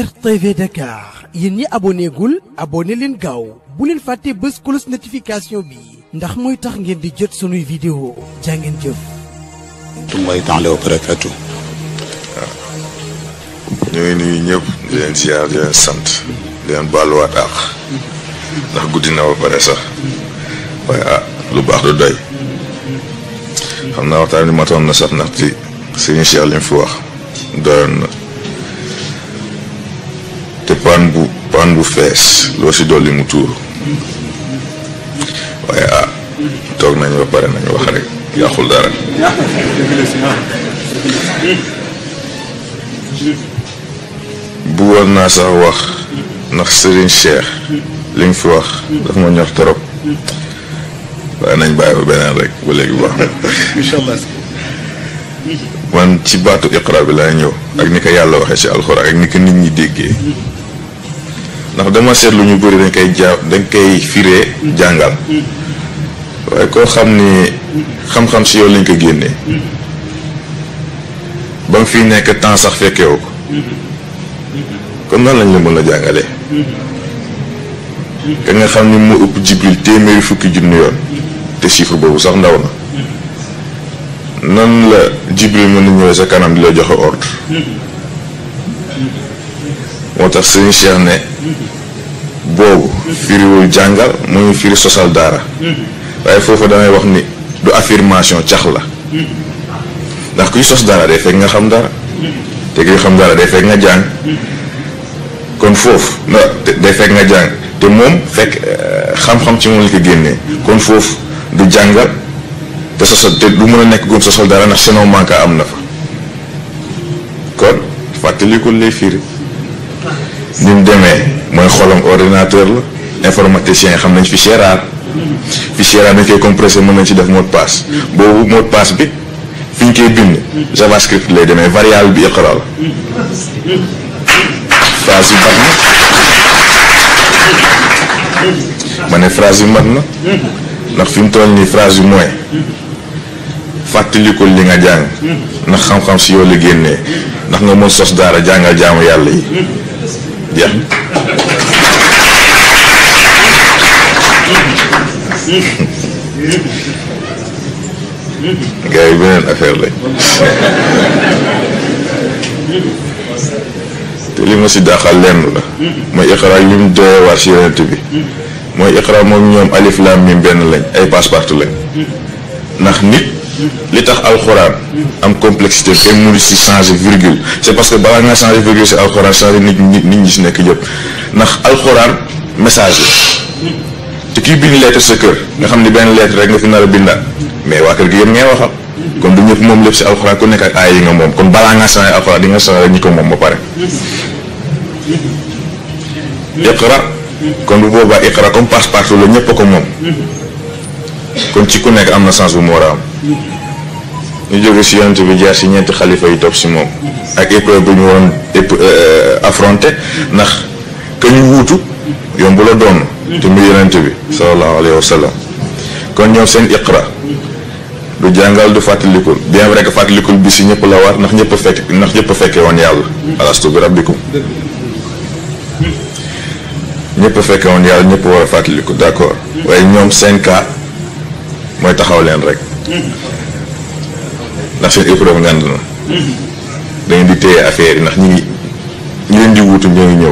RTV Dakar yéen ñi abonné gul abonné leen gaaw bu leen fàtte bés nous, notification bi ndax mooy tax ngeen di jot sunuy vidéo jëf nous, ñu ngi nuyu ñëpp di leen di leen sant di ak ndax guddi na ba sax waaye ah, lu baax du doy xam naa waxtaan na wax lu fees loo si dolli mu tuur waaye ah toog nañu ba pare nañu wax rek yàqul dara bëggoon naa sax wax ndax Serigne Cheikh li nga fi wax daf ma ñor trop waaye nañ bàyyi ba beneen rek ba léegi bu baax man ci baatu iqra bi laa ñëw ak ni ko yàlla waxe ci alxuraan ak ni ko nit ñi déggee ndax dama seetlu ñu bëri dañ koy ja dañ koy fiire jàngal waaye koo xam ni xam-xam si yow lañ ko génnee ba nga nekk temps sax fekkewu ko kon nan lañ la mën a jàngalee ka nga xam ni mu ëpp jibril téeméeri fukki junni yoon te chiffre boobu sax ndaw na nan la jibril mën na ñëwee sa kanam di la joxe ordre moo tax sëñ Cheikh ne boobu firiwul jàngal mu ngi firi sosal daara waaye foofu damay wax ni du affirmation cax la ndax kuy sos daara day fekk nga xam dara te kuy xam dara day fekk nga jàng kon foofu na day fekk nga jàng te moom fekk eh, xam-xam ci moom la ko génnee kon foofu du jàngal te sosal te du mën a nekk gum sosal daara ndax sinon manque am na fa kon fàttali ko lay firi ni mu demee mooy xolam ordinateur la informaticien xam nañ fichier R fichier R dañ koy compressé mën nañ ci def mot de boobu mot de bi fi ñu koy bind javascript lay demee variable bi iqra la phrase bi mat na ma ne phrase bi mat na ndax fi mu toll nii phrase bi mooy fàttalikul li nga jàng ndax xam-xam si yow la génnee ndax nga moo sos daara jàngal jaamu yàlla yi Ya. Gaya benar akhirnya. Tapi masih dah kalian lah. Mau ikhra yang dua wasir itu bi. Mau ikhra mau nyom alif lam mim ben lain. Eh pas pas tu lain. Nah nit li tax alxuraan am complexité kenn mënu si changer virgule c'est parce que balaa ngaa changer virgule si alxuraan changer nit nit nit ñi si nekk yëpp ndax alxuraan message la te kii bind lettre sa kër nga xam ni benn lettre rek nga fi mais waa kër gi yëpp ngay waxal kon du ñëpp moom lépp si alxuraan ku nekk ak aay yi nga moom kon balaa ngaa changer alxuraan di nga changer ñi ko moom ba pare iqra kon bu boobaa iqra comme passe partout la ñëpp ko moom kon ci ku nekk am sens bu mu war a am ñu jóge si yonent bi jaar si ñeenti xalifa yu topp si moom ak épreuve bu ñu waroon euh, euh, affronté ndax ka ñu wuutu yombu la doon te mu yonent bi sallallahu alayhi wa seen iqra du jàngal du fàttalikul bien vrai que bi si ñëpp la war ndax ñëpp ndax ñëpp fekkee woon yàlla alastu bi rabbikum ñëpp a fekkee woon yàlla ñëpp war a fàttaliku d'accord waaye ñoom seen cas mooy taxaw leen rek ndax seen épreuve ngand na da ngeen di téye affaire yi ndax ñi ngi ñi leen di wutu ñi ngi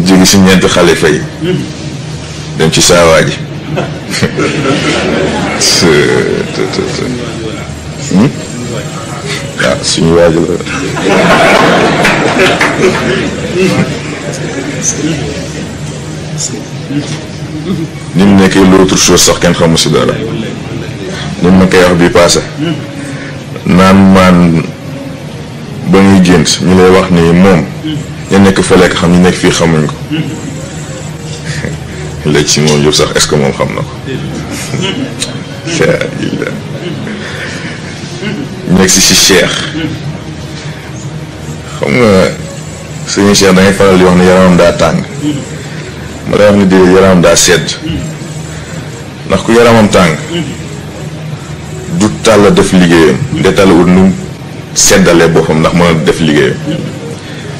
ñëw jóge si ñeenti yi dem ci sawaaji Hmm? waaw ah, suñu waaj la ni mu nekkee l'autre chose sax kenn xamu si dara ni ma koy wax bi passé naan maan ba ñuy gént ñu lay wax ni moom ñu nekk fële xam ñu nekk fii xamuñ ko léegi si moom yëpp sax est-ce moom xam na ko nekk si si xam nga suñu Cheikh da ngay faral di wax ne yaramam daa tàng ma lay wax ne déedéet yaramam daa sedd ndax ku yaramam tàng du tàll def liggéeyam de tàll ut nu seddalee boppam ndax mën a def liggéeyam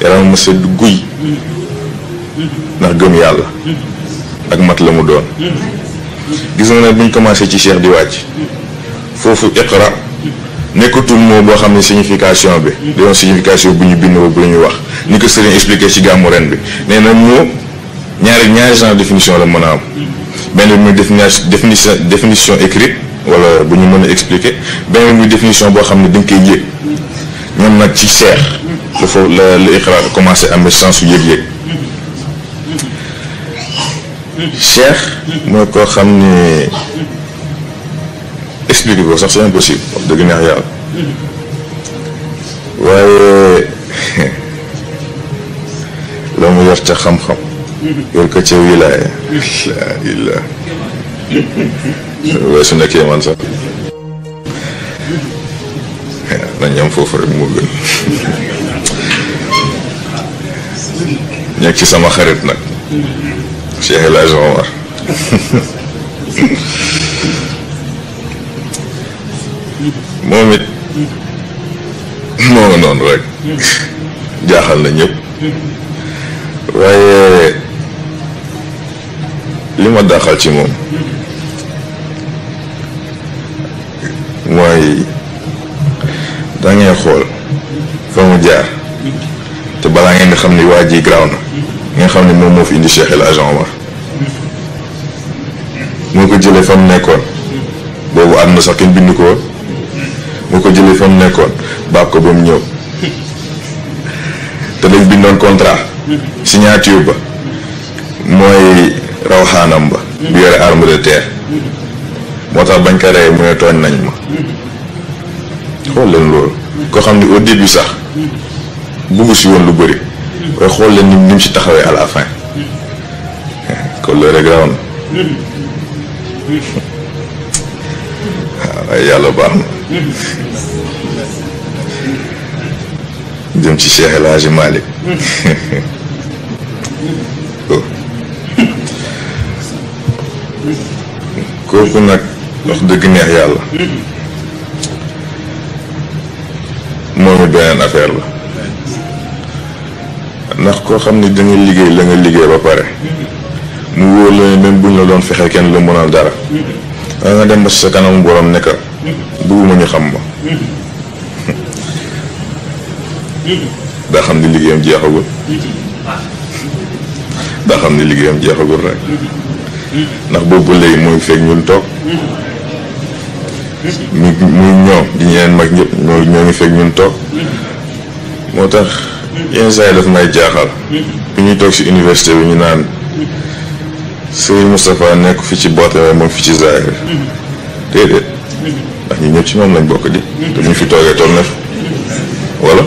yaramam ma sedd guy ndax gëm yàlla ak mat la mu doon gis nga ne buñ commencé ci Cheikh di wàcc foofu iqra nekkatul mo bo xam signification bi dañoo signification buñu ñu buñu wax ni ko sëriñ expliqué ci gàmmu ren bi néna na ñaari ñaari genre définition la mëna am benn bi définition définition écrite wala buñu mëna expliquer a expliqué définition bo xam dañ koy yé ñom nak ci cheikh le la la iqraar commencé amee sens su yëg-yëg seex mooy koo expliquer ko sax c'est impossible wax dëgg neex yàlla waaye la mu yor ca xam-xam yor ko ca wilaaya illa waaye su nekkee man sax nañ am foofu rek moo gën ñekk ci sama xarit nag Cheikh El Hadj moom it moo nga noonu rek jaaxal na ñëpp waaye li ma daaxal ci moom mooy da xool fa mu jaar te balaa ngeen di xam ni waa ji garaaw na nga xam ni moom moo fi indi Cheikh El Hadj Omar moo ko jëlee fa mu nekkoon boobu àdduna sax kenn bind ko moo ko jëlee fa nekkoon bàkk ko ba mu ñëw te dañ bindoon contrat signature ba mooy rawxaanam ba bu yore arme de terre moo tax bañ ko rey mu ne tooñ nañ ma xool leen loolu koo xam ne au début sax bugg si woon lu bëri waaye xool leen ni mu si taxawee à la fin kon loolu rek waaye yàlla baax na jëm ci Cheikh El Hadji kooku nag wax dëgg neex yàlla moomi beneen affaire la ndax koo xam ni da liggéey la nga liggéey ba pare mu wóor la ne même buñ la doon fexe kenn lu mënal dara da nga dem ba sa kanamu borom nekk bugguma ñu xam ma daa xam ni liggéeyam jeexagul daa xam ni liggéeyam jeexagul rek ndax boobu léegi mooy feeg ñun toog mu muy ñoom di ñeneen mag ñëpp ñoo ngi fekk ñun toog moo tax yenn saa yi daf may jaaxal bu ñuy toog ci université bi ñu naan Serigne Moustapha nekk fi ci boote waaye moom fi ci zaahir déedéet ndax ñu ñëpp ci moom lañ bokk di te ñu fi toogee toog na fi wala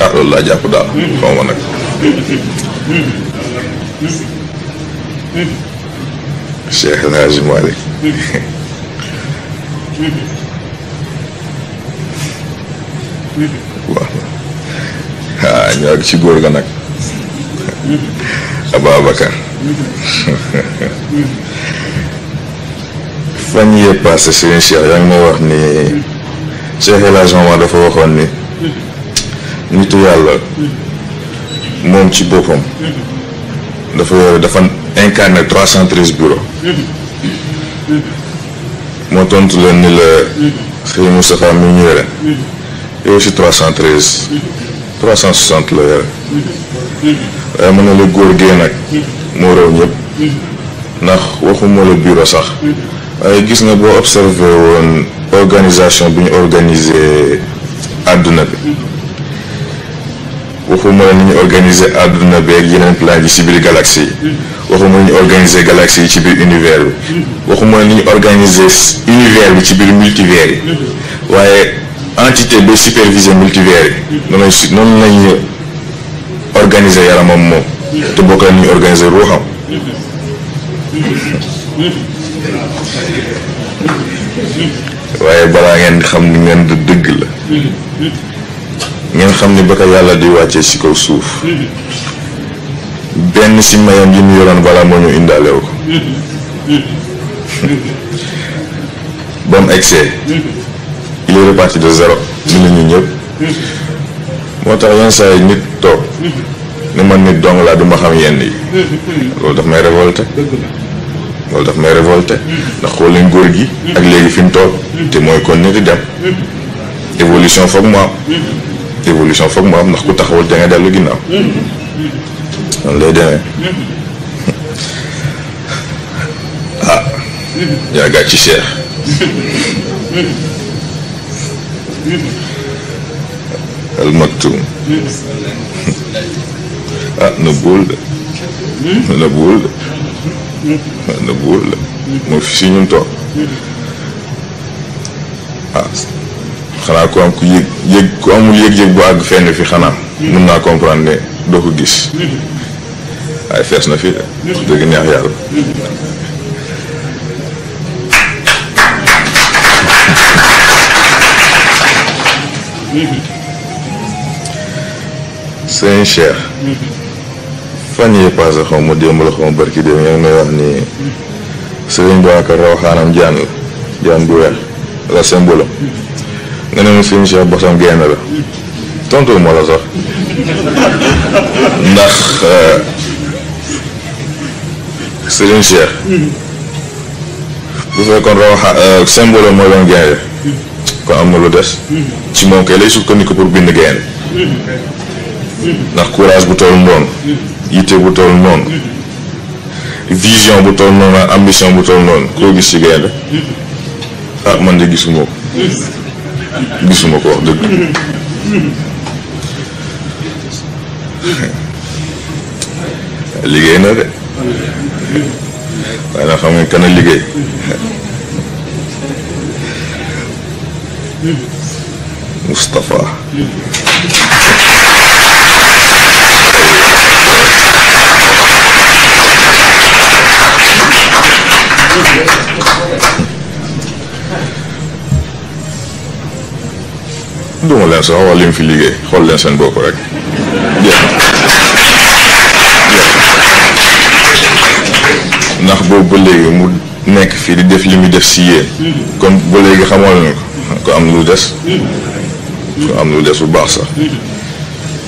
ah loolu laa jàpp daal xaw ma nag Cheikh El Hadj Malick waaw ah ñoo ci góor ga nag Ababacar fan yee passé suñu Cheikh yaa ngi may wax ni Cheikh El Hadj dafa waxoon ni nitu yàlla moom ci boppam dafa dafa incarné trois cent treize bureaux moo tontu leen ni la xëy Moustapha mi ñu yore yow si trois cent treize trois cent soixante la yore waaye mën na la góor gee nag moo raw ñëpp ndax waxuma la bureau sax waaye gis nga boo observé woon organisation bi ñu organisé àdduna bi waxuma la ni ñu organisé àdduna bi ak yeneen plan yi ci biir galaxie yi waxuma la ñu organisé galaxie yi ci biir univers bi waxuma la ni ñu organisé univers bi ci biir multivers yi waaye entité ba superviser multivers yi noonu lañ noonu lañ organiser yaramam moom te bokk la ñuy organiser ruham waye bala ngeen xam ni ngeen de deug la ngeen xam ni baka yalla di wacce ci kaw suuf ben ci mayam yi ñu yoron bala moo ñu indaale ko ba mu il est reparti de zéro ñu la ñu ñëpp moo nit tok ni man nit dong laa du ma xam yenn yi loolu daf may révolté loolu daf may révolté ndax xool leen góor gi ak léegi fi mu toog te mooy kon ni di dem évolution foog mu am ndax ku taxawul da nga dellu ginnaaw noonu lay demee ah yaa gàcc ci Cheikh al maktum ah nëbbuwul de. Hmm? nëbbuwul de. Hmm? nëbbuwul de. moo si ñun toog. Hmm. ah xanaa ku am ku yëg yëg ku amul yëg-yëg bu àgg fenn fi xanaa. mun naa comprendre ne doo ko gis. waaye fees na fi de. dëgg neex yàlla. sëñ Cheikh. fan yii passé xaw ma démb la xaw ma barki démb yaa ngi may wax ni Serigne Babacar rawaxaanam jaan la jaan bu weex la symbole nga ne ma Serigne Cheikh bosam génn la tontu ma la sax ndax euh, Serigne Cheikh bu fekkoon rawaxaan euh, symbole mooy doon gaynde kon am na lu des ci moom kay lay sukkandiku pour bind gaynde ndax courage bu toll noonu yitte bu toll noonu vision bu toll noonu ak bu toll noonu koo gis ci gaynde ah man de gisuma ko gisuma ko wax dëgg liggéey na de waaye nag xam nga kan a liggéey Moustapha duma leen sax wala li mu fi liggéey xool leen seen bopp rek ndax boobu ba léegi mu nekk fii di def li muy def si yéen kon ba léegi xamoo leen ko ko am lu des ko am lu des bu baax sax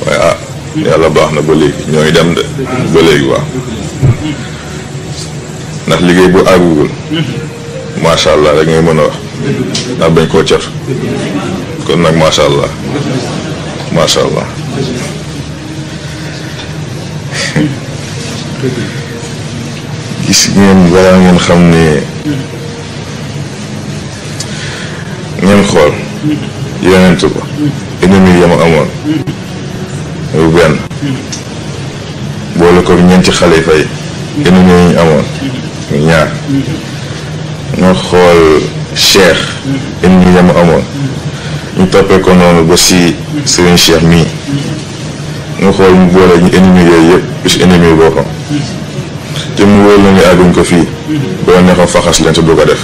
waaye ah yàlla baax na ba léegi ñooy dem de ba léegi waaw ndax liggéey bu àggugul mm-hmm. macha allah rek ngay mën a wax ndax bañ koo car kon nag macha allah macha allah. gis ngeen balaa ngeen xam ne ngeen xool yonent ko ennemi ya ma amoon bu benn boole ko ñeenti xalifa yi ennemi yi amoon ñaar nga xool cheikh ennemi ya amoon ñu toppee ko noonu ba si Serigne Cheikh mii nga xool mu boole ñu ennemi yooyu yëpp bis ennemi boppam te mu wóor la àgguñ ko fii boo neexoon faxas leen te du ko def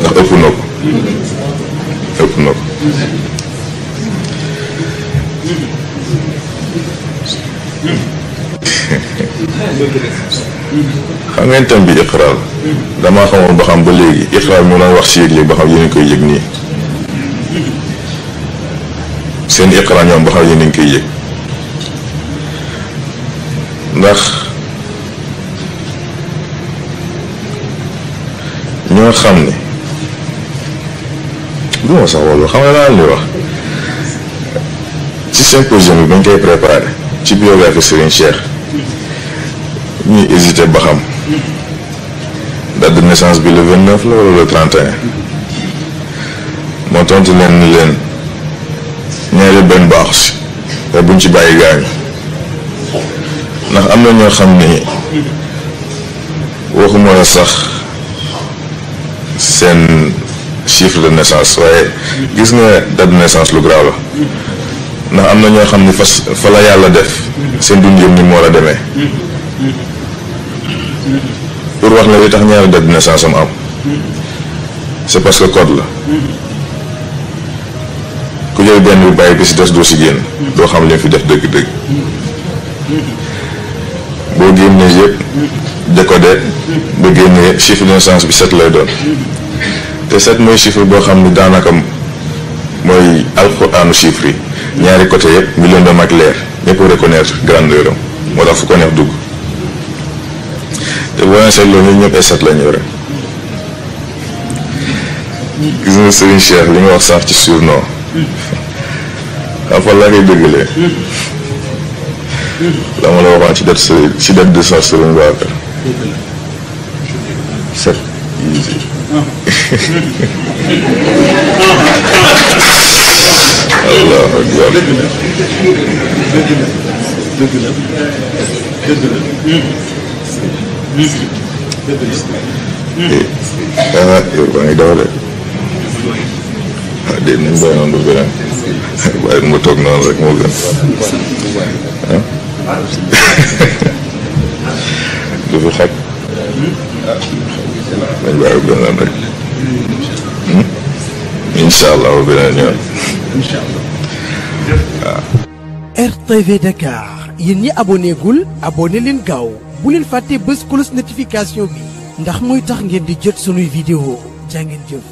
ndax ëpp na ko ëpp xam ngeen tam bi iqraar damaa xamoon ba xam ba léegi iqraar mu doon wax si yëg-yëg ba xam yéen koy yëg nii seen iqra ñoom ba xam yéen a koy yëg ndax ñoo xam ne du ma sax wala xam nga daal li wax ci symposium bi bañ koy préparé ci biographie Serigne Cheikh ñuy hésité ba xam date naissance bi le vingt neuf la wala le trente un moo tontu leen ni leen ñaari benn baax si te buñ ci bàyyi gaañu ndax am na ñoo xam ni waxuma la sax seen chiffre de naissance waaye gis nga date de naissance lu grave la ndax am na ñoo xam ni fas fa la yàlla def seen dund yëpp ni moo la demee pour wax la li tax ñaari date de naissance am am c'est parce que code la ku jël benn bi bàyyi bi si des doo si génn doo xam li fi def dëgg-dëgg boo génnee ko décoder ba génnee chiffre d'innocence bi set lay doon te set mooy chiffre boo xam ni daanaka mooy alxuraanu chiffre yi ñaari côté yëpp million doom ak leer ñëpp reconnaître grandeur am moo tax fu ko neex dugg te boo seetloo set ñëpp ay lañu yore gis nga Serigne Cheikh li nga wax sànq ci xam fan laa koy la ma la waxoon ci date ci date de sens Serigne Babacar. Hmm. set easy. allah akbar dëgg la dëgg déet nañ bàyyi noonu ba beneen waaye mu toog noonu rek moo ah. beneen rek hmm? incha allah beneen yoon ah. RTV Dakar yéen ñi abonné gul abonné leen gaaw bu leen fàtte bés close notification bi ndax mooy tax ngeen di jot sunuy vidéo jaa ngeen